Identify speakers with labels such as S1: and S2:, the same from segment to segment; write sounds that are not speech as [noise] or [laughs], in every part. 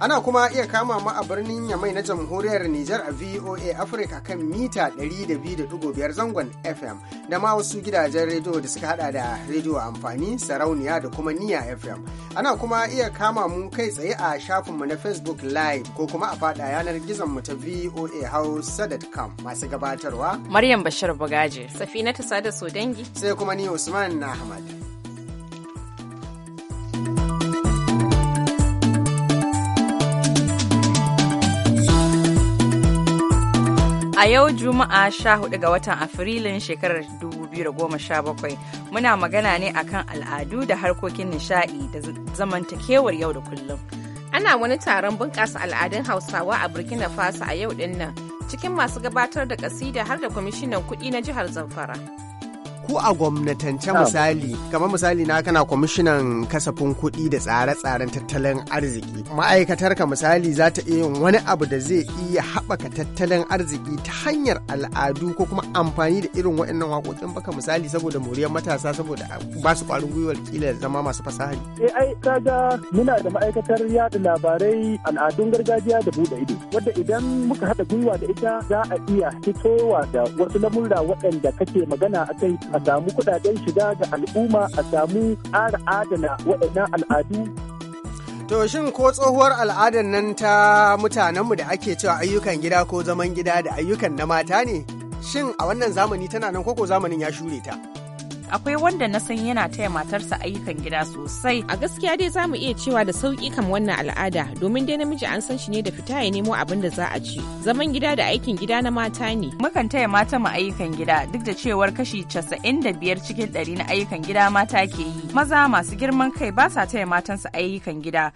S1: Ana kuma iya kama mu a birnin Yamai na jamhuriyar Nijar a VOA Africa kan mita 102.5 zangon FM da ma wasu gidajen rediyo da suka hada da rediyo amfani sarauniya da kuma niya FM. Ana kuma iya kama mu kai tsaye a shafinmu na Facebook Live ko kuma a fada yanar gizon mu ta VOA Hausa.com masu gabatarwa.
S2: Maryam Bashir Bagaji.
S1: Safina ta sada Sodangi. Sai kuma ni Usman Ahmad.
S2: A yau Juma'a 14 ga watan Afrilun shekarar 2017 muna magana ne akan al'adu da harkokin nishadi da zamantakewar yau da kullum. Ana wani taron bunƙasa al'adun Hausawa a Burkina Faso a yau ɗin nan cikin masu gabatar da
S3: kasida har da kwamishinan kuɗi na jihar Zamfara.
S1: ku a gwamnatance misali kamar misali na kana kwamishinan kasafin kuɗi da tsare-tsaren tattalin arziki ma'aikatar ka misali za ta iya yin wani abu da zai iya haɓaka tattalin arziki ta hanyar al'adu ko kuma amfani da irin waɗannan waƙoƙin baka misali saboda moriyar matasa saboda ba su ƙwarin gwiwar kila zama masu fasaha
S4: eh ai kaga muna da ma'aikatar yaɗa labarai al'adun gargajiya da buɗe ido wadda idan muka haɗa gwiwa da ita za a iya fitowa da wasu lamurra waɗanda kake magana akai a a samu kudaden shiga ga al'umma
S1: a samu ƙara adana waɗannan al'adu To shin ko tsohuwar al'adar nan ta mutanenmu da ake cewa ayyukan gida ko zaman gida da ayyukan na mata ne? Shin a wannan zamani tana nan koko zamanin ya shure ta?
S2: akwai wanda na san yana
S3: taya matarsa ayyukan gida sosai a gaskiya dai zamu iya cewa da sauki kan wannan al'ada domin dai namiji an san shi ne da fita ya nemo abin da za a ci zaman gida da aikin gida na mata ne
S2: mukan taya mata mu ayyukan gida duk da cewar kashi casa'in da biyar cikin ɗari na ayyukan gida mata ke yi maza masu girman kai ba sa taya matansu ayyukan gida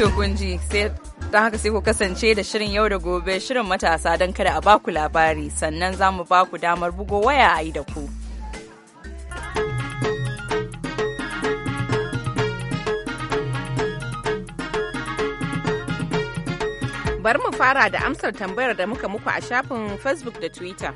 S2: To kun ji sai don haka sai ku kasance da shirin yau da gobe shirin matasa don kada a baku labari sannan za mu baku damar bugo waya a yi da ku.
S3: Bari mu fara da amsar tambayar da muka muku a shafin Facebook da Twitter.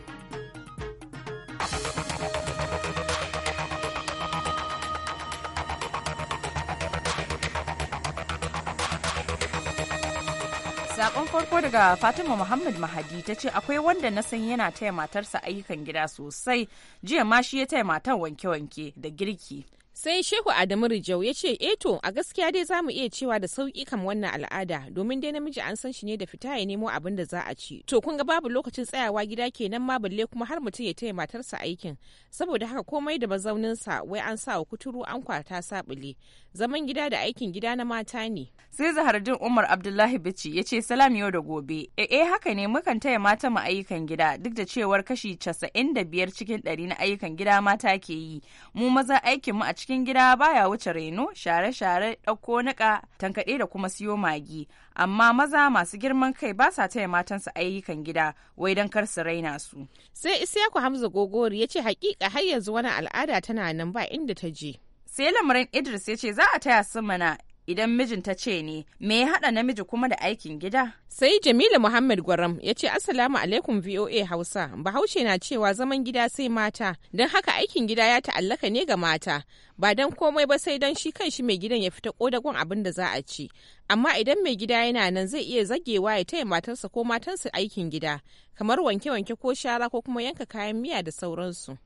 S2: farko daga Fatima Muhammad Mahadi ta ce akwai wanda na san yana taya matarsa ayyukan gida sosai jiya ma shi ya taya matar wanke-wanke da girki. sai shehu adamu
S3: rijau ya ce eto eh a gaskiya dai za mu iya cewa da sauki kan wannan al'ada domin dai namiji an san shi ne da fita ya nemo abin da za a ci to kun ga babu lokacin tsayawa gida kenan ma balle kuma har mutum ya taya matarsa aikin saboda haka komai da mazauninsa wai an sa wa kuturu an kwata sabule
S2: zaman gida da aikin gida na mata ne sai zahardin umar abdullahi bici ya ce salam yau da gobe e, e haka ne mukan taya mata mu ayyukan gida duk da cewar kashi casa'in da biyar cikin ɗari na ayyukan gida mata ke yi mu maza aikin mu a cikin gida baya wuce reno share-share ɗauko niƙa tankaɗe da kuma siyo magi amma maza masu girman kai ba sa taya matansu ayyukan gida wai don kar su raina su sai isiyaku hamza gogori ya ce hakika har yanzu wani al'ada tana nan ba inda ta je sai lamarin idris ya ce za a taya su mana idan mijin ta ce ne me ya haɗa namiji kuma da aikin gida sai jamilu muhammad gwaram ya ce assalamu alaikum voa hausa bahaushe na cewa zaman
S3: gida sai mata don haka aikin gida ya ta'allaka ne ga mata ba don komai ba sai don shi kan shi mai gidan ya fita kodagon abin da za a ci amma idan mai gida yana nan zai iya zagewa ya taya matarsa ko matarsa aikin gida kamar wanke-wanke ko shara ko kuma yanka kayan miya da
S2: sauransu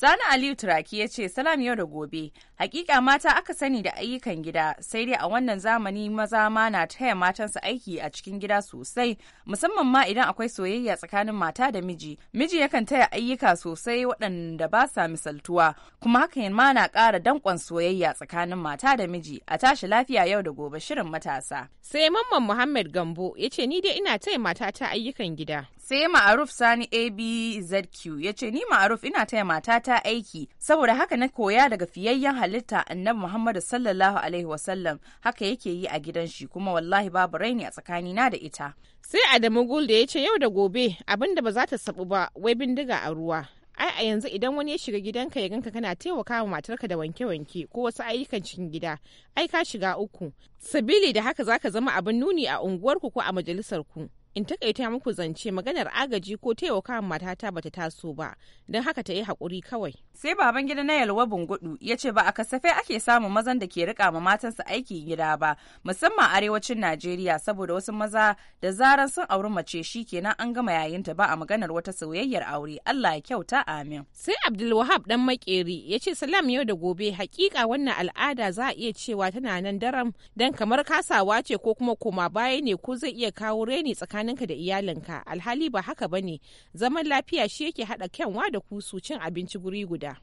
S2: Sani Aliyu Turaki ya ce salam yau da gobe, hakika mata aka sani da ayyukan gida sai dai a wannan zamani maza ma na taya matansa aiki a cikin gida sosai musamman ma idan akwai soyayya tsakanin mata da miji. Miji yakan taya ayyuka sosai waɗanda ba sa misaltuwa kuma hakan ma na ƙara danƙon soyayya tsakanin mata da miji a tashi lafiya yau da gobe shirin matasa. Sai Mamman Muhammad Gambo ya ce ni dai ina taya matata ayyukan gida. sai ma'aruf sani abzq ya ce ni ma'aruf ina taya matata aiki saboda haka na koya daga fiyayyen halitta annabi muhammadu sallallahu alaihi wasallam haka yake yi a gidan shi kuma wallahi babu raini a na da ita sai adamu gul da ya ce yau da gobe abin da ba za ta sabu ba wai bindiga a ruwa
S3: ai a yanzu idan wani ya shiga gidanka ya ganka kana taimaka wa matarka da wanke-wanke ko wasu ayyukan cikin gida ai ka shiga uku sabili da haka zaka zama abin nuni a unguwarku ko a majalisarku in takaita muku zance maganar agaji ko taimaka matata bata taso ba don
S2: haka ta yi haƙuri kawai. sai baban gida na yalwa bungudu ya ce ba a kasafai ake samun mazan da ke rika ma matansa aiki gida ba musamman arewacin najeriya saboda wasu maza da zaran sun auri mace shi kenan an gama yayinta ba a maganar wata soyayyar aure allah ya kyauta amin sai abdulwahab dan makeri ya ce salam yau da gobe hakika wannan al'ada za a
S3: iya cewa tana nan daram dan kamar kasawa ce ko kuma koma baya ne ko zai iya kawo reni tsakanin tsakaninka da iyalinka alhali ba haka bane zaman lafiya shi yake haɗa kyanwa da
S2: kusu cin abinci guri guda.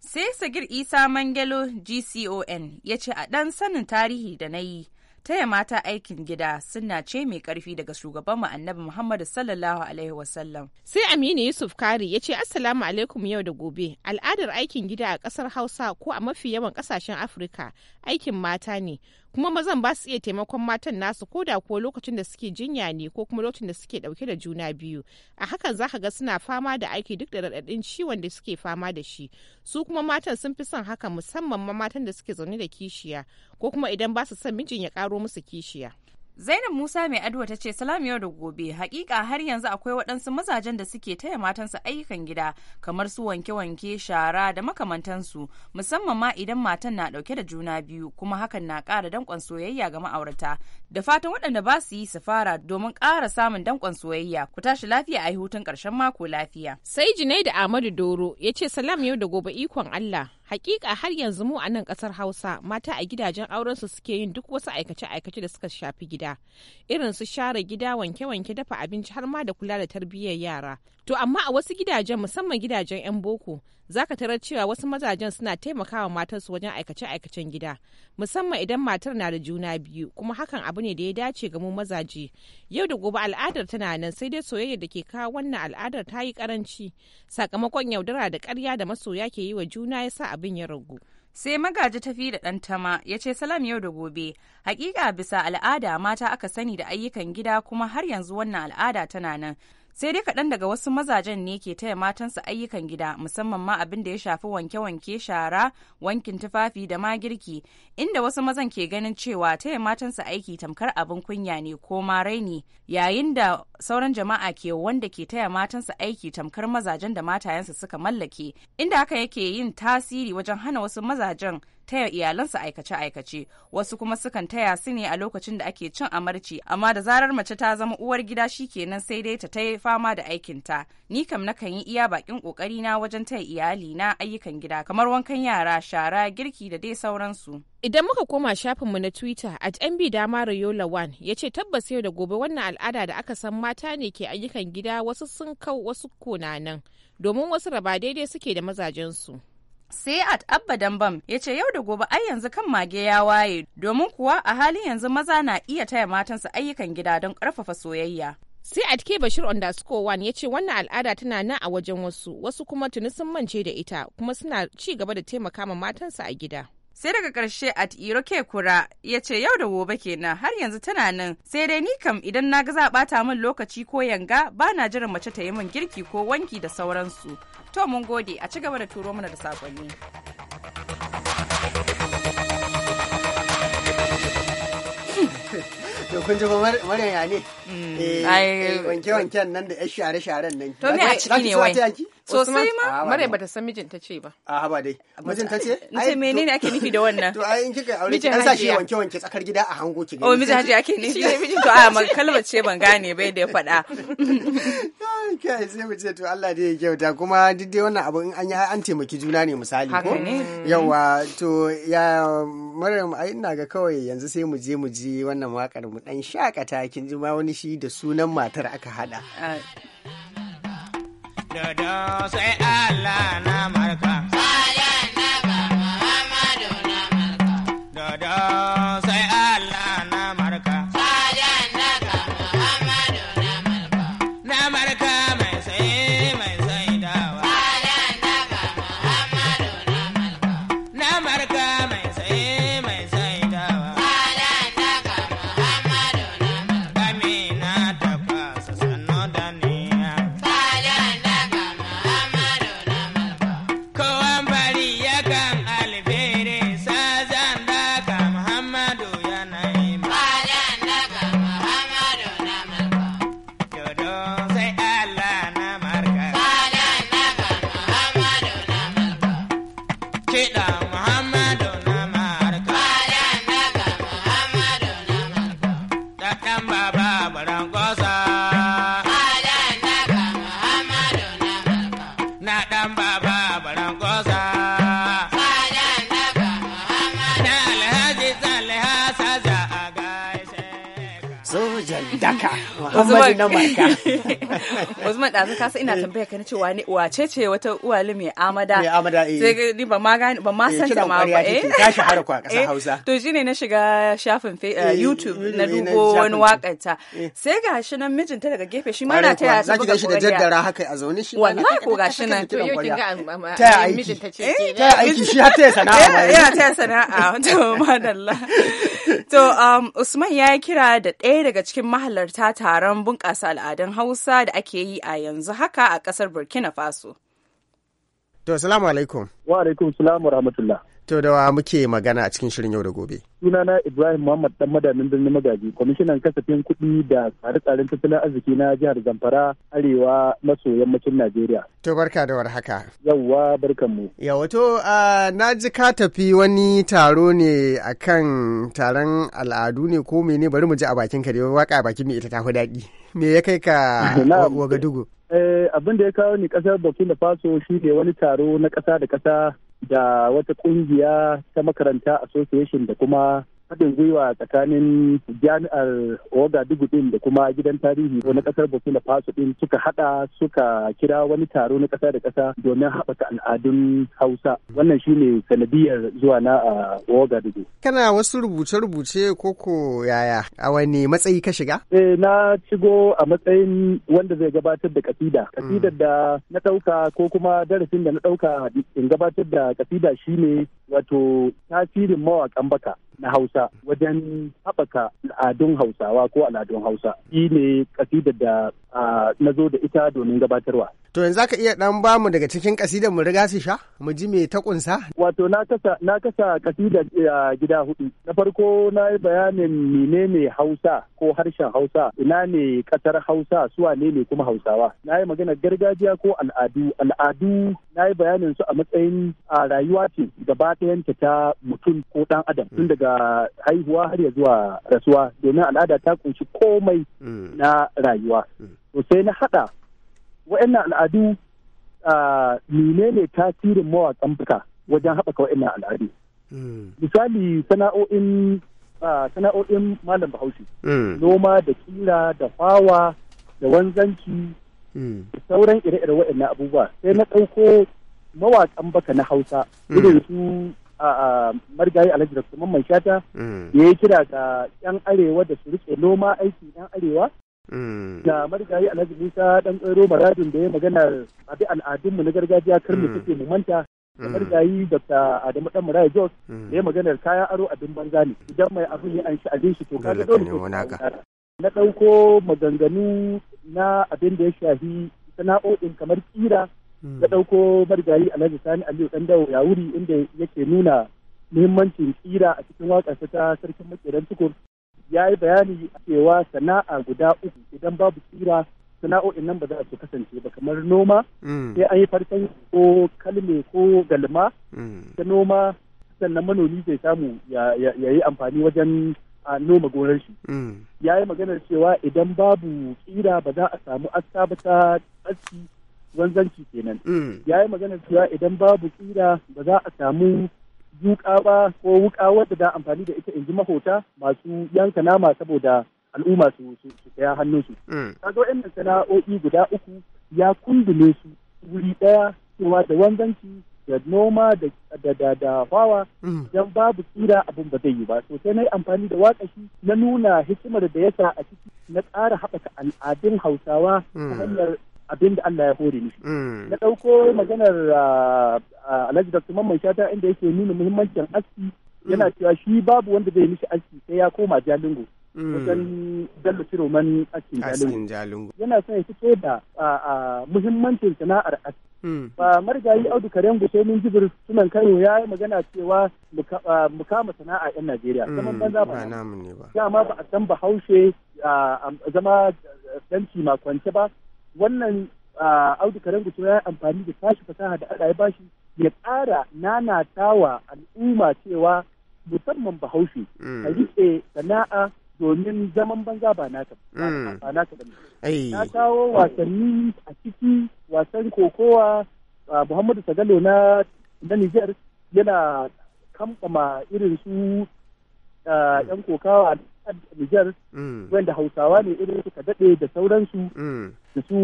S2: Sai Sagir Isa Mangelo GCON ya ce a ɗan sanin tarihi da na yi taya mata aikin gida suna ce mai karfi daga shugabanmu annabi Muhammadu sallallahu alaihi wasallam. Sai Aminu Yusuf Kari ya ce Assalamu
S3: alaikum yau da gobe. Al'adar aikin gida a ƙasar Hausa ko a mafi yawan ƙasashen Afirka aikin mata ne kuma mazan ba su iya taimakon matan nasu ko da kuwa lokacin da suke jinya ne ko kuma lokacin da suke dauke da juna biyu a hakan za ka ga suna fama da aiki duk da raɗaɗin ciwon da suke fama da shi su kuma matan sun fi son hakan musamman ma matan da suke zaune da kishiya
S2: ko kuma idan ba su son mijin ya karo musu kishiya Zainab Musa mai adwa ta ce salam yau da gobe hakika har yanzu akwai waɗansu mazajen da suke taya matansu ayyukan gida kamar su wanke-wanke shara da makamantansu musamman ma idan matan na ɗauke da juna biyu kuma hakan na ƙara danƙon soyayya ga ma'aurata da fatan waɗanda ba su yi su domin ƙara samun danƙon soyayya ku tashi lafiya a yi hutun ƙarshen mako lafiya. Sai junaid Ahmadu
S3: Doro ya ce salam yau da gobe ikon Allah. Hakika har yanzu mu a nan ƙasar Hausa mata a gidajen aurensu suke yin duk wasu aikace-aikace da suka shafi gida. Irin su share gida wanke-wanke dafa abinci har ma da kula da tarbiyyar yara. To amma a wasu gidajen musamman gidajen 'yan boko za ka tarar cewa wasu mazajen suna taimakawa matarsu wajen aikace-aikacen gida musamman idan matar na da juna biyu kuma hakan abu ne da ya dace ga mu mazaje yau da gobe al'adar tana nan sai dai soyayya da ke kawo wannan al'adar ta yi karanci sakamakon
S2: yaudara da karya da masoya ke yi wa juna ya sa abin ya ragu. sai magaji tafi da ɗan tama ya ce salam yau da gobe hakika bisa al'ada mata aka sani da ayyukan gida kuma har yanzu wannan al'ada tana nan sai dai kaɗan daga wasu mazajen ne ke taya matansu ayyukan gida musamman ma abin da ya shafi wanke-wanke shara wankin tufafi da ma girki inda wasu mazan ke ganin cewa taya matansu aiki tamkar abin kunya ne ko ma raini yayin da sauran jama'a ke wanda ke taya matansu aiki tamkar mazajen da matayensu suka mallake inda haka yake yin tasiri wajen hana wasu mazajen taya iyalansu aikace-aikace wasu kuma sukan taya su ne a lokacin da ake cin amarci amma da zarar mace ta zama uwar gida shi kenan sai dai ta tayi fama da aikin ta ni kam nakan yi iya bakin kokari na wajen taya iyali na ayyukan gida kamar wankan yara shara girki da dai sauransu Idan
S3: muka koma shafin mu na Twitter at MB Dama Rayola One ya ce tabbas yau da gobe wannan al'ada da aka san mata ne ke ayyukan gida wasu sun kau wasu konanan domin wasu raba
S2: daidai suke da mazajensu. sai at abba dambam ya ce yau da gobe ai yanzu kan mage ya waye domin kuwa a halin yanzu maza na iya taya matansa ayyukan gida don karfafa soyayya sai at ke bashir underscore one ya ce wannan al'ada tana nan a wajen wasu wasu kuma tuni sun mance da ita kuma suna ci gaba da taimaka ma matansa a gida sai daga karshe at iroke kura ya ce yau da gobe kenan har yanzu tana nan sai dai ni kam idan na ga za ta min lokaci ko yanga ba na jiran mace ta yi min girki ko wanki da sauransu To mun gode a ci gaba da turo mana da sakonni.
S1: [laughs] to kun ji ba maryam ya ne? Hmm, eh, eh, wanke-wanken nan da 'yan share-sharen nan. To me a ciki ne wai? sosai ma Maryam bata san mijinta ce ba a haba dai mijinta ce. ce ai menene ake nufi da wannan [laughs] to ai in kika aure ki an sa shi wanke wanke tsakar gida a hango ki oh mijin haji ake nufi [laughs] shi mijin to a man
S2: kalmar ce ban gane bai da ya faɗa
S1: [laughs] kai sai mu ce to Allah dai ya kyauta kuma duk dai wannan abu in an yi an taimaki juna ne misali ko yawa to ya maryam ai ina ga kawai yanzu sai mu je mu ji wannan wakar mu dan shakata kin ji ma wani shi da sunan matar aka hada
S5: da sai ala na marka.
S2: no marca. [laughs] [laughs] Usman ɗazu ka ina eh. tambaya ka nace wane wace ce wata uwali mai amada. Mai amada eh. Sai ni ba ma gani ba ma eh, san ta ma ba eh. Ta
S1: shahara ko a ƙasar [laughs] eh, Hausa. To
S2: shine na shiga shafin YouTube na dubo wani wakar ta. Sai gashi nan mijinta daga gefe shi ma na taya ta buga shi da jaddara haka
S1: a zaune shi. Wallahi ko gashi nan. To yau kin ga um,
S2: um, ta aiki. Ta aiki shi har taya sana'a. Ya taya sana'a. [laughs] To madalla. To um, Usman ya kira da ɗaya daga cikin mahalarta taron bunƙasa al'adun Hausa da ake yi a yanzu haka a ƙasar Burkina Faso.
S1: To, salamu alaikum. Wa alaikum salam wa rahmatullah. To da wa muke magana a cikin shirin yau da gobe.
S4: Sunana Ibrahim Muhammad dan madamin birnin magaji, kwamishinan kasafin kuɗi da tsare-tsaren tattalin arziki na jihar Zamfara, Arewa maso yammacin Najeriya.
S1: To barka da warhaka.
S4: Yawwa barkan mu.
S1: Yawwa to na ji ka tafi wani taro ne akan taron al'adu ne ko mene bari mu ji a bakin ka da waka a bakin mai ita ta daɗi. Me ya kai ka Wagadugu? [laughs]
S4: Eh, abin da ya kawo ni kasar burkina faso shi ne wani taro na ƙasa da ƙasa. da wata kungiya ta makaranta association da kuma haɗin gwiwa tsakanin jami'ar Ouagadougou ɗin da kuma gidan tarihi na ƙasar Burkina Faso din suka haɗa suka kira wani taro na ƙasa da ƙasa domin haɓaka al'adun Hausa. Wannan shi shine sanadiyar zuwa na a Ouagadougou.
S1: Kana wasu rubuce-rubuce ko ko yaya a wani matsayi ka shiga? Eh na shigo a matsayin wanda zai gabatar da kasida. Mm. Kasidar da na ɗauka ko kuma darasin
S4: da na ɗauka in gabatar da kasida shine wato tasirin mawaƙan baka. na Hausa wajen haɓaka al'adun Hausawa ko al'adun Hausa. Shi ne kasidar da na zo da ita domin gabatarwa.
S1: To yanzu ka iya ɗan bamu daga cikin kasidar mu riga su sha mu ji me ta kunsa? Wato na kasa na kasa gida
S4: hudu. Na farko na yi bayanin menene Hausa ko harshen Hausa ina ne ƙasar Hausa su wane ne kuma Hausawa. Na yi magana gargajiya ko al'adu al'adu na yi bayanin su a matsayin rayuwa ce gaba ta mutum ko ɗan adam tun daga daga haihuwa har ya zuwa rasuwa domin al'ada ta kunshi komai
S6: mm. na rayuwa mm.
S4: to sai na haɗa wa'annan al'adu a menene tasirin mawaƙan buka wajen haɓaka wa'annan al'adu mm. misali sana'o'in sana'o'in malam bahaushe noma da kira da fawa da wanzanci sauran ire-ire wa'annan abubuwa sai na ɗauko mawaƙan baka na hausa irin su marigayi alhaji da kuma mai shata da
S6: mm. ya kira
S4: ga yan arewa da su rike noma aiki yan arewa da mm. marigayi alhaji musa dan tsoro baradun da ya magana a al'adunmu na gargajiya kar mu suke mm. mu manta
S6: Da gayi
S4: dr adamu dan muraya jos da ya magana kayan aro a banza ne idan mai abin ne an shi abin shi to ka ga dole na ɗauko maganganu na abin da ya shafi sana'o'in kamar kira na hmm. ɗauko marigayi alhaji sani aliyu ɗan dawo ya wuri inda yake nuna muhimmancin tsira a cikin waƙarsa ta sarkin makeran tukur ya yi bayani a cewa sana'a guda uku idan babu tsira sana'o'in nan ba za su kasance ba kamar noma hmm. sai an yi farkon ko kalme ko galma hmm. ta noma sannan manomi zai samu ya yi amfani wajen a noma gonar shi ya yi maganar cewa idan babu tsira ba za a samu aska ba ta aski wanzanci kenan mm. ya yi magana cewa idan babu tsira ba za a samu yuka ba ko wuka wadda da amfani da ita in ji mahota masu yanka nama saboda al'umma su su saya hannunsu. Mm. Kaga waɗannan sana'o'i guda uku ya kundume su wuri ɗaya cewa da wanzanci da noma da da da hawa mm. dan babu tsira abun ba zai yi ba to sai na yi amfani da wakashi. na nuna hikimar da ya sa a ciki na tsara haɓaka al'adun hausawa ta hanyar abin da Allah ya hore ni. Mm. Na ɗauko maganar ah, ah, Alhaji Dr. Mamman Shata inda yake nuna muhimmancin aski mm. yana cewa shi babu wanda zai mishi aski sai ya koma Jalingo. Mm. Wajen Bello Ciroman askin Jalingo. Yana son ya fito da ah, muhimmancin sana'ar
S1: aski. Ba
S4: marigayi Audu Karen Gushe min jibir sunan Kano ya yi magana cewa mu kama sana'a 'yan Najeriya. Zaman banza ba. Ba
S6: ne ba. Dama ba
S4: a san Bahaushe zama danci kwance ba. wannan audu karen ya yi amfani da tashi fasaha da Allah ya bashi ya ƙara nanatawa al'umma cewa musamman
S6: bahaushe mm. a riƙe
S4: sana'a domin zaman banza ba naka ba mm. na kawo wasanni
S6: a ciki
S4: wasan kokowa Muhammadu Sagalo na na Nijar yana kamfama irin su yan kokawa ƙasar Nijar mm. wanda Hausawa ne irin suka daɗe da sauransu mm. da su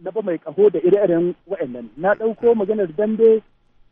S4: na ba mai ƙaho da ire-iren wa'annan na ɗauko maganar dambe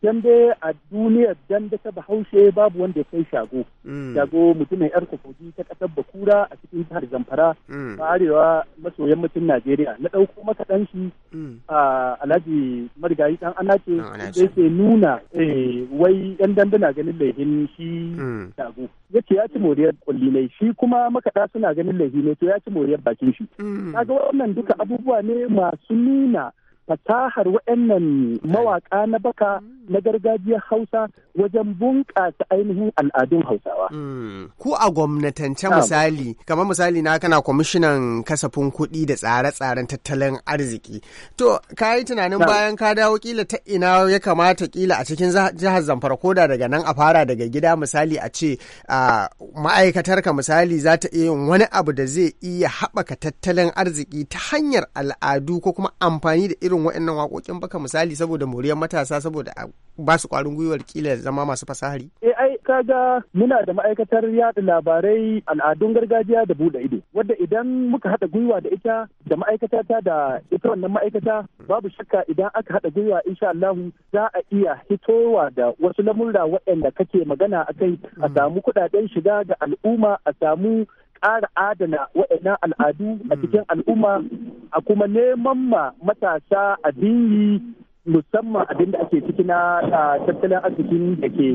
S4: dai a duniyar da ta bahaushe babu wanda ya kai shago
S6: mm. shago
S4: mutumin yar kokoji ta kasar bakura a cikin jihar zamfara mm. ta arewa maso yammacin najeriya na ɗauko maka ɗan shi mm. a alhaji marigayi ɗan ana
S1: ce da yake
S4: nuna eh, wai yan dandana ganin laifin shi shago yace ya ci moriyar kulli ne shi kuma makaɗa suna ganin laifi ne to ya ci moriyar bakin shi kaga wannan duka abubuwa ne masu nuna fasahar waɗannan mawaƙa na baka na gargajiyar Hausa wajen bunƙasa ainihin al'adun Hausawa.
S1: Mm. Ku a gwamnatance misali, kamar misali na kana kwamishinan kasafin kuɗi da tsare-tsaren tattalin arziki. To, ka yi tunanin bayan ka dawo kila ta ina ya kamata kila a cikin jihar Zamfara koda daga nan a fara daga gida misali a ce ma'aikatarka misali za ta iya wani abu da zai iya haɓaka tattalin arziki ta hanyar al'adu ko kuma amfani da irin irin waɗannan waƙoƙin baka misali saboda moriyar matasa saboda ba su ƙwarin gwiwar kila zama masu fasahari?
S4: Eh ai kaga muna da ma'aikatar yaɗa labarai al'adun gargajiya da buɗe ido wadda idan muka haɗa gwiwa da ita da ma'aikata ta da ita wannan ma'aikata babu shakka idan aka haɗa gwiwa insha Allah za a iya hitowa da wasu lamurra waɗanda kake magana akai a samu kuɗaɗen shiga ga al'umma a samu ƙara adana waɗannan al'adu a hmm. cikin al'umma a kuma neman ma matasa abin yi musamman abin da ake ciki na ah, tattalin arzikin da ke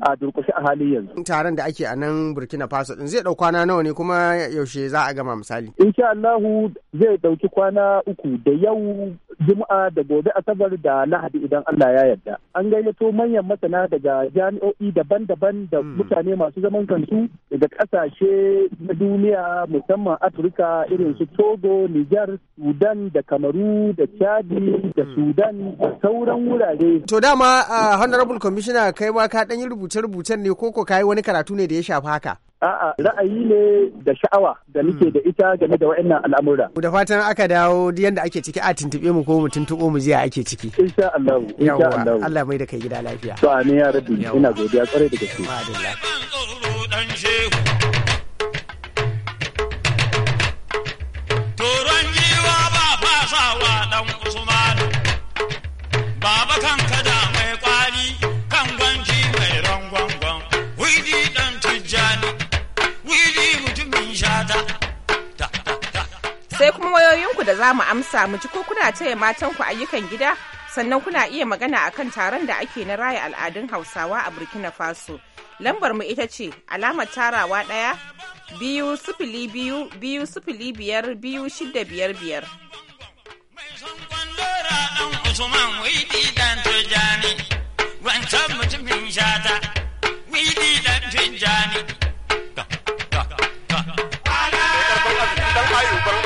S4: a durkushi a halin yanzu. Taron da
S1: ake a nan Burkina Faso din zai ɗau kwana nawa ne kuma yaushe za a gama misali.
S4: Insha Allahu zai ɗauki kwana uku da yau Juma'a da gobe Asabar da Lahadi idan Allah ya yarda. An gayyato manyan masana daga jami'o'i daban-daban da hmm. mutane masu zaman kansu daga ƙasashe na duniya musamman Afirka irin su Togo, Nijar, Sudan da Kamaru da Chadi da hmm. Sudan da sauran
S1: wurare. To dama ah, Honorable Commissioner kai ma ka ɗan yi rubutu rubuce-rubucen ne koko kayi wani karatu ne da ya shafi haka? A'a ra'ayi ne da sha'awa da muke hmm. da ita game da wa'annan al'amura. Da fatan aka dawo yadda ake ciki a tuntuɓe mu ko mu tuntuɓo mu jiya ake ciki. Insha Allah. Insha Allah. Allah mai da kai gida lafiya.
S4: To amin ya rabbi ina godiya kwarai da gaske. Ma'adallah.
S5: Toron jiwa ba fasawa dan Usman. Baba kan
S3: sai kuma wayoyinku da za mu amsa mu ji ko kuna taya matanku ayyukan gida sannan kuna iya magana akan taron da ake na raya al'adun hausawa a burkina faso lambar mu ita ce alamar tarawa ɗaya biyu sifili biyu biyu sifili biyar biyu shida biyar biyar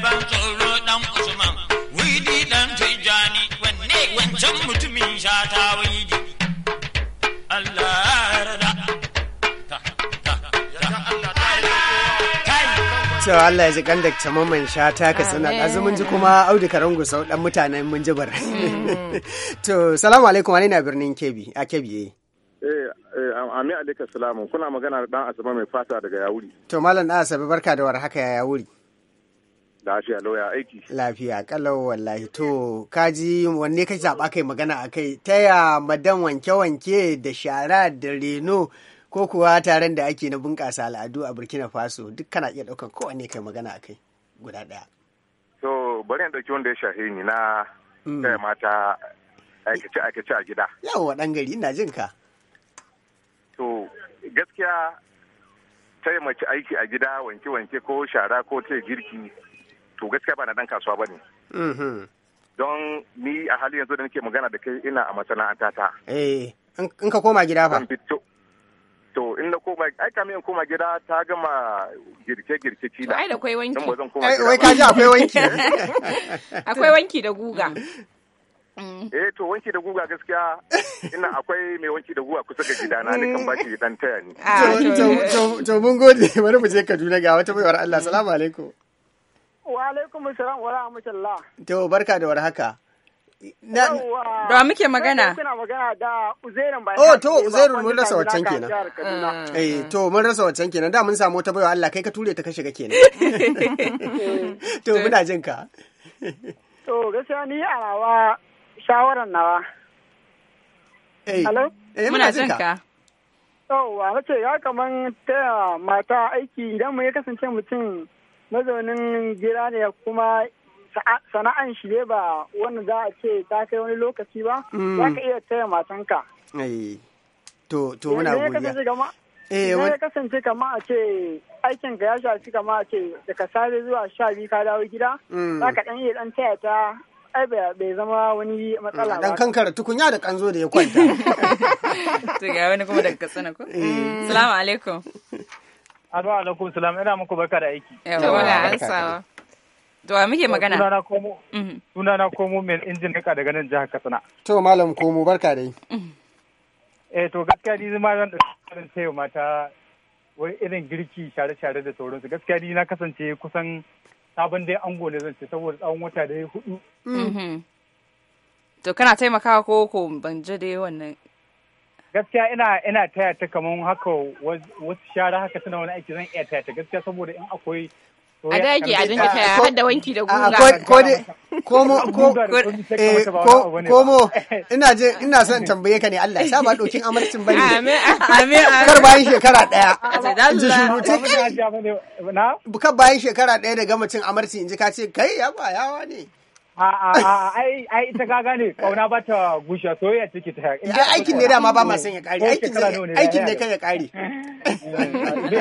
S5: ban tsoro dan usman widi dan tijani wanne wancan mutumin shata widi Allah
S1: to Allah ya ji kan dakta maman sha ta ka suna ɗazu mun ji kuma Audu Karangu sau ɗan mutanen mun ji jibar. Mm. [laughs] To salamu alaikum wani na birnin kebi a Kebbi eh.
S4: eh, eh Ami alaikum salamu kuna magana da ɗan asaba mai fata daga Yawuri.
S1: To malam ɗan asaba barka da war haka ya Yawuri.
S4: Lafiya lauya aiki.
S1: Lafiya kalau wallahi to kaji wanne ka zaba kai magana a kai taya madan wanke-wanke da shara da reno ko kuwa taron da ake na bunƙasa al'adu a Burkina Faso duk kana iya ɗaukar kowanne kai magana a kai guda ɗaya.
S4: to bari in ɗauki wanda ya shahe ni na hmm. taya mata aikace aikace a gida. Yawa
S1: ɗan gari ina jin ka.
S4: To gaskiya taya mace aiki a gida wanke-wanke ko shara ko taya girki to gaskiya ba na dan kasuwa ba ne. Mm-hmm. Don ni a hali yanzu da nake magana da kai ina a masana'anta ta.
S1: Eh, in ka koma gida ba.
S4: To in na koma ai kamin in koma gida ta gama girke girke ci da. Ai da akwai wanki. Wai ka
S6: ji akwai wanki.
S4: [laughs]
S3: Akwai wanki da guga. Mm-hmm. Mm. eh to wanki da guga gaskiya
S4: ina akwai mai wanki da guga kusa ga gidana ne kan baki dan taya ni ah,
S6: to mun gode bari
S1: mu je Kaduna ga wata baiwar Allah salamu alaikum
S5: Wa alaikum salam wa rahmatullah.
S1: To barka da warhaka.
S5: Na, da muke magana. Kuna magana da Uzairun bayan. Oh to Uzairun mun rasa wancan kenan. Ah. Eh
S1: to mun rasa wancan kenan da mun samu ta bayo Allah kai ka ture ta ka shiga kenan.
S5: [laughs] Eh.
S1: to muna jin ka.
S5: To gaskiya ni a nawa shawaran nawa. Eh. Hello? Eh muna jin ka. wa nace ya kaman ta mata aiki idan mu ya kasance mutum mazaunin gida ne kuma sana'an shi ne ba wanda za a ce ta kai wani lokaci ba mm. za ka iya taya matanka
S1: to to muna godiya
S5: eh wani kasance kama a ce aikin ga ya shafi kama a ce daga safe zuwa sha biyu ka dawo gida mm. za ka dan iya dan taya ta ai bai zama wani matsala mm, ba dan kankara
S1: tukunya da kanzo da ya kwanta [laughs] to ga wani kuma daga katsina ko assalamu
S5: eh.
S2: alaikum
S4: Adwa alaikum salam ina muku baka da aiki. Yawa na sawa. To a muke magana? Sunana komo. Mhm. Sunana komo mai injin nika daga nan jihar Katsina. To
S1: malam komo barka dai.
S6: Mhm.
S4: Eh to gaskiya ni zuma zan ɗauki sayo mata wai irin girki share-share da sauransu gaskiya ni na kasance kusan sabon dai ango ne zan ce saboda tsawon wata da ya hudu.
S2: Mhm. To kana taimakawa ko
S4: ko ban je dai wannan gaskiya ina ina taya ta kaman haka wasu shara haka suna wani aiki zan iya taya ta gaskiya saboda in akwai a dage a dinga taya har da wanki da gura ko
S1: komo [laughs] komo eh, [laughs] ina je ina son tambaye ka ne Allah sa ba dokin amarcin bane amin [laughs] amin kar bayan shekara daya ji shiru
S5: ta
S1: kai bayan shekara daya da gamacin amarci in ji ka
S5: ce kai ya ba yawa ne A'a, ai ita ka gane kauna ba ta gushe soyayya take ta. Ga aikin ne dama ba ma son ya kare, aikin ne aikin ne kai ya
S1: kare.
S4: Eh,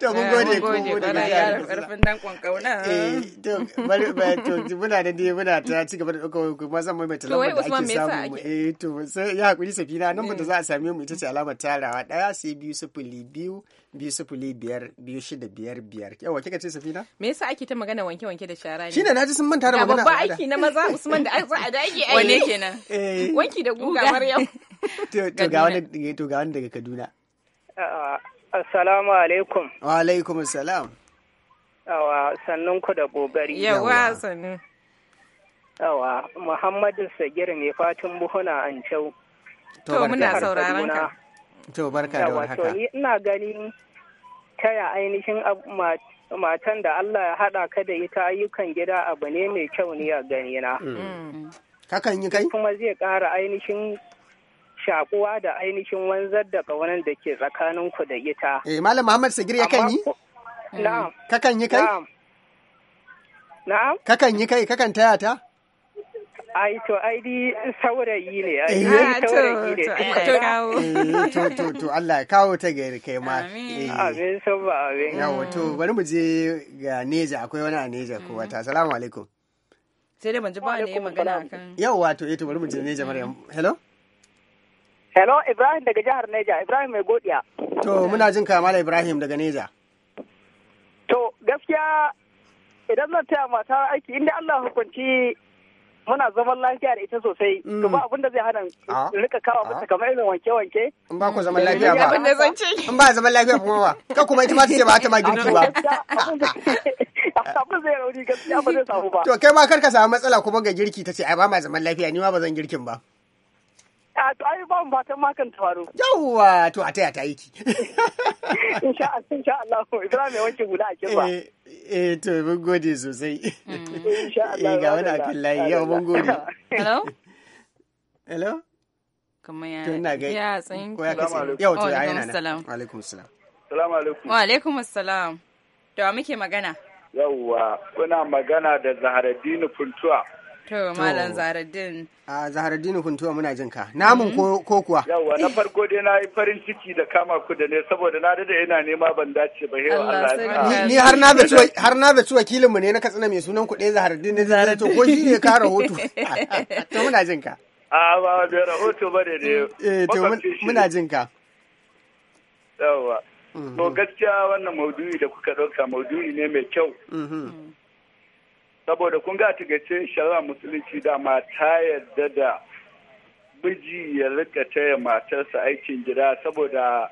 S1: to mun gode ku eh, gode da
S2: karfin dankon kauna.
S1: Eh, to bari ba to muna da dai muna ta ci gaba da dauka kuma san mai talaba da ake samu. Eh, to sai ya hakuri safina nan da za a same mu ita ce alamar tarawa 1 sai 2 0 2 biyu sifili biyar biyu shida biyar biyar yawa kika ce safina
S3: me yasa ake ta magana wanke wanke da shara ne shine naji sun manta da magana babba aiki na maza usman da za da aiki ai wane kenan
S1: eh.
S5: wanki da guga maryam
S1: [laughs] to ga wani to ga wani daga kaduna
S5: ah, assalamu alaikum
S1: wa alaikum assalam
S5: yawa sannun ku da gogari yawa sannu yawa muhammadu sagir mai fatin buhuna ancau to muna sauraron ka
S1: To barka
S6: da
S5: wato ina ganin taya ainihin matan da Allah ya haɗa ka da ita ayyukan gida abu ne mai kyau ne a ganina. Hakan mm. mm. yi kai? Kuma zai ƙara ainihin shakuwa da ainihin wanzar da ƙaunar da ke tsakaninku da ita. Eh, Malam
S1: Muhammad sigiri ya kan yi? Na'am. Kakan yi kai? Na'am. Kakan yi kai, kakan taya ta? Ai to ai di
S4: saurayi ne ai eh, to ne to kawo eh, eh,
S1: to to to Allah ya kawo ta gari kai ma amin sabba amin yawa to bari mu je ga Neja akwai wani a Neja ko wata mm-hmm. assalamu alaikum
S5: sai dai ban ji ba ne magana kan
S1: yawa to eh to bari mu je Neja Maryam hello
S5: hello Ibrahim daga jihar Neja Ibrahim mai godiya
S1: to muna jin ka Malam Ibrahim daga Neja
S5: to gaskiya idan zan taya mata aiki inda Allah hukunci muna zaman lafiya da ita sosai to mm. ba abin da zai hana ah. rika kawo mata ah. kamar irin wanke-wanke
S6: in ba ku zaman lafiya ba
S5: in
S1: ba zaman lafiya kuma ba ka kuma ita ma ta ce ba ta ma girki ba
S5: abin zai rauni gaskiya ba zai samu ba to kai ma kar ka
S1: samu matsala kuma ga girki ta ce ai ba ma zaman lafiya ni ma ba zan girkin ba
S5: A to ai ba makan Yawwa
S1: a taya ta aiki. [laughs] Insha Allah guda a kirba. Eh, eh to mun gode sosai. Mm. Insha Allah. Eh layi yau mun gode. Hello? Kamar ya ya yau to nan. alaikum
S2: Wa magana?
S4: kuna magana da Zaharaddini Funtuwa.
S1: To, Malam
S2: Zaharaddin.
S1: A Zaharaddin Huntuwa muna jin ka. Namun mm-hmm. ko kuwa? Yawwa,
S4: na farko dai na yi farin ciki da kama ku da ne saboda na da yana nema ban dace ba hewa Allah. Ni
S1: har na zaci wakilinmu ne na Katsina mai sunan ku ɗaya Zaharaddin ne to ko shi ne ka rahoto. [laughs] To muna jin ka.
S5: A ba da rahoto ba da ne. Eh, eh to
S1: muna jin ka.
S4: Yawwa. Mm-hmm. To gaskiya wannan maudu'i da kuka ɗauka maudu'i ne mai kyau. Mm-hmm. Mm. saboda kun ga gace shari'a musulunci dama ta yarda da miji ya rika taya matarsa aikin gida saboda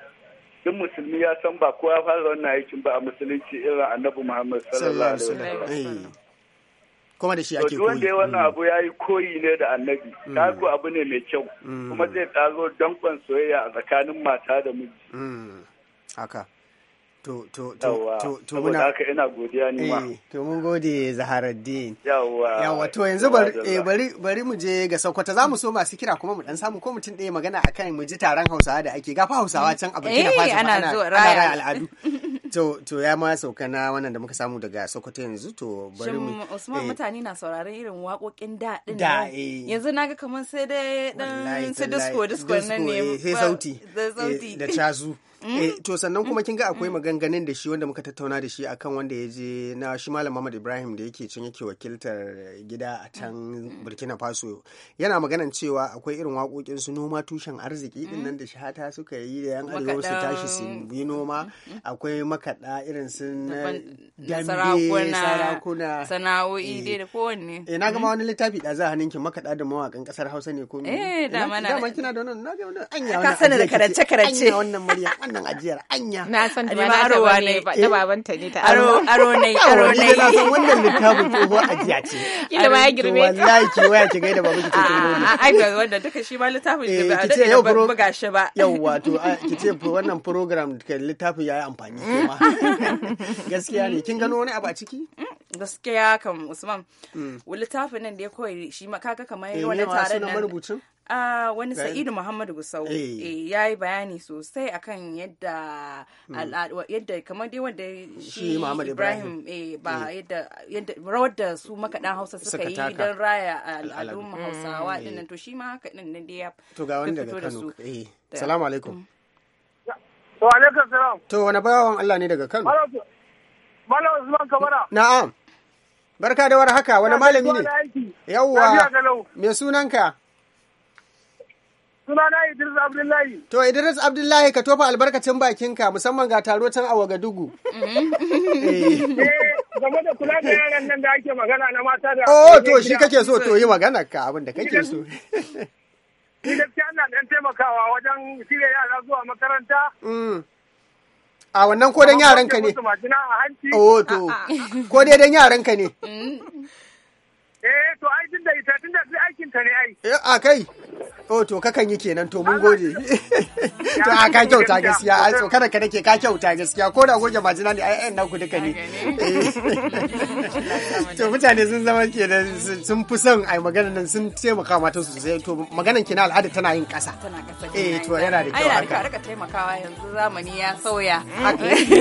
S4: duk musulmi ya san ba kowa fara wannan aikin ba a musulunci irin annabi muhammad sallallahu alaihi wasallam eh.
S1: kuma da shi ake koyi wanda wannan mm.
S4: abu ya yi koyi ne da annabi mm. kago abu ne mai kyau mm. kuma zai ƙaro dankon soyayya a tsakanin mata da miji
S1: haka To, to, to, to, to muna. haka
S4: ina godiya ni ma. Eh,
S1: to mun gode Zaharaddin.
S5: Yawwa.
S4: Yawwa, to yanzu eh,
S1: bari, bari, mu je ga Sokoto za mu so masu kira kuma mu dan samu ko mutum ɗaya magana akan mu ji taron Hausawa da ake gafa Hausawa can a Burkina eh, Faso ana raya al'adu. [laughs] to to ya ma sauka na wannan da muka samu daga Sokoto yanzu to bari mu Usman mutane
S2: na sauraron irin waƙoƙin da ɗin da
S1: yanzu
S2: naga kaman sai dai dan su disco disco nan ne sai sauti da sauti da
S1: chazu [laughs] Eh, mm. to sannan kuma mm. kin ga akwai mm. maganganun da shi wanda muka tattauna da shi akan wanda ya je na shi malam Muhammad Ibrahim da yake cin yake wakiltar gida a can Burkina Faso. Yana maganan cewa akwai irin waƙoƙin su noma tushen arziki din nan da shata suka yi da yan arewa su tashi su yi noma. Akwai makaɗa irin su dambe sarakuna
S2: sana'o'i dai eh. da kowanne. Eh na gama wani
S1: littafi da za hannunki makaɗa da mawaƙan ƙasar Hausa ne ko Eh da eh, mana. Da kina da wannan na ga wannan anya wannan. Ka sanar da karace karace. Anya wannan murya. [laughs] wannan ajiyar anya na san da na ta ne da babanta ne ta aro aro ne aro ne na san wannan littafin tsoho ajiya ce kila ma ya girme ta wallahi ki waya ki gaida babu ki ce ah, ai ga wanda duka shi ma littafin da ba eh, da yau buga shi ba yawa to ah, ki ce wannan program da littafin yayi amfani [laughs] gaskiya ne kin gano wani abu a ciki mm,
S2: gaskiya kam Usman mm. littafin nan da ya koyi shi ma kaga kamar eh, wani tare nan Uh, wani sa'idu muhammadu gusau hey. Eh. Eh, ya yi bayani sosai akan yadda hmm. yadda kamar dai wanda shi ibrahim, ibrahim. Eh, ba hey. yadda rawar da su makaɗan hausa suka yi don raya al'adun hausawa hmm. dinnan to shi ma haka ɗin nan ya
S6: to ga wani daga kano salamu alaikum mm.
S2: to
S5: alaikum salam
S1: to wani bawan allah ne daga kano
S5: malam usman kamara
S1: na'am barka da war haka wani malami ne yawwa me sunanka Sunana Idris Abdullahi. To Idris Abdullahi ka tofa albarkacin bakinka musamman ga taro can a Wagadugu. Mm-hmm. Eh. Eh, game da kula da yaran nan da ake magana na mata da Oh to shi kake so to yi magana ka abin da kake so. Ni gaskiya ana dan taimakawa wajen shirya yara zuwa makaranta. Mm. A wannan ko dan yaran ka ne. Oh to ah, ah. ko dai dan yaran ka ne.
S5: Mm. Eh to ai tun da ita tun da aikin ta ne ai. Eh a
S1: kai. Oh, to kakan yi kenan to mun gode. [laughs]
S5: To a ka kyauta gaskiya, a to
S1: kada ka nake ka kyauta gaskiya, ko da goge majina ne ai ai naku duka ne. Eh. [laughs] To mutane sun zama kenan sun fi son ai maganar nan sun taimaka mata sosai, to maganar kenan al'ada tana yin ƙasa. Eh to yana da kyau haka. Ai rika
S2: taimakawa yanzu zamani ya sauya.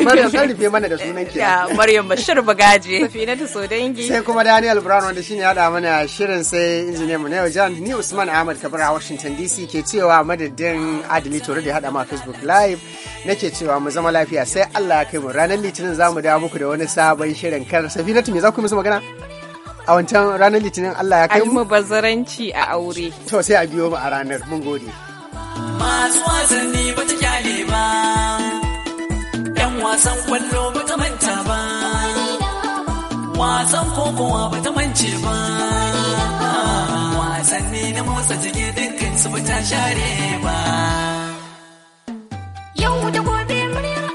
S3: [laughs]
S1: Maryam san rufe mana da sunan kenan. Maryam Bashir Bagaje.
S2: Safina ta
S3: so dangi. Sai kuma Daniel Brown wanda
S1: shine ya da mana shirin sai injiniya mu na yau Jan ni Usman Ahmad Kabir a Washington. Washington DC ke cewa madadin Adili Tore da haɗa ma Facebook Live nake cewa mu zama lafiya sai Allah ya kai mu ranar Litinin za mu dawo muku da wani sabon shirin kar Safinatu tumi za ku yi musu magana? A wancan ranar Litinin Allah ya kai mu. bazaranci a aure. To sai a biyo mu a ranar mun gode.
S5: Masu wasanni ba ta kyale ba, ‘yan wasan kwallo ba ta manta ba, wasan kokowa ba ta mance ba. wasanni na motsa jiki dukkan su fita share ba. Yau da gobe muryar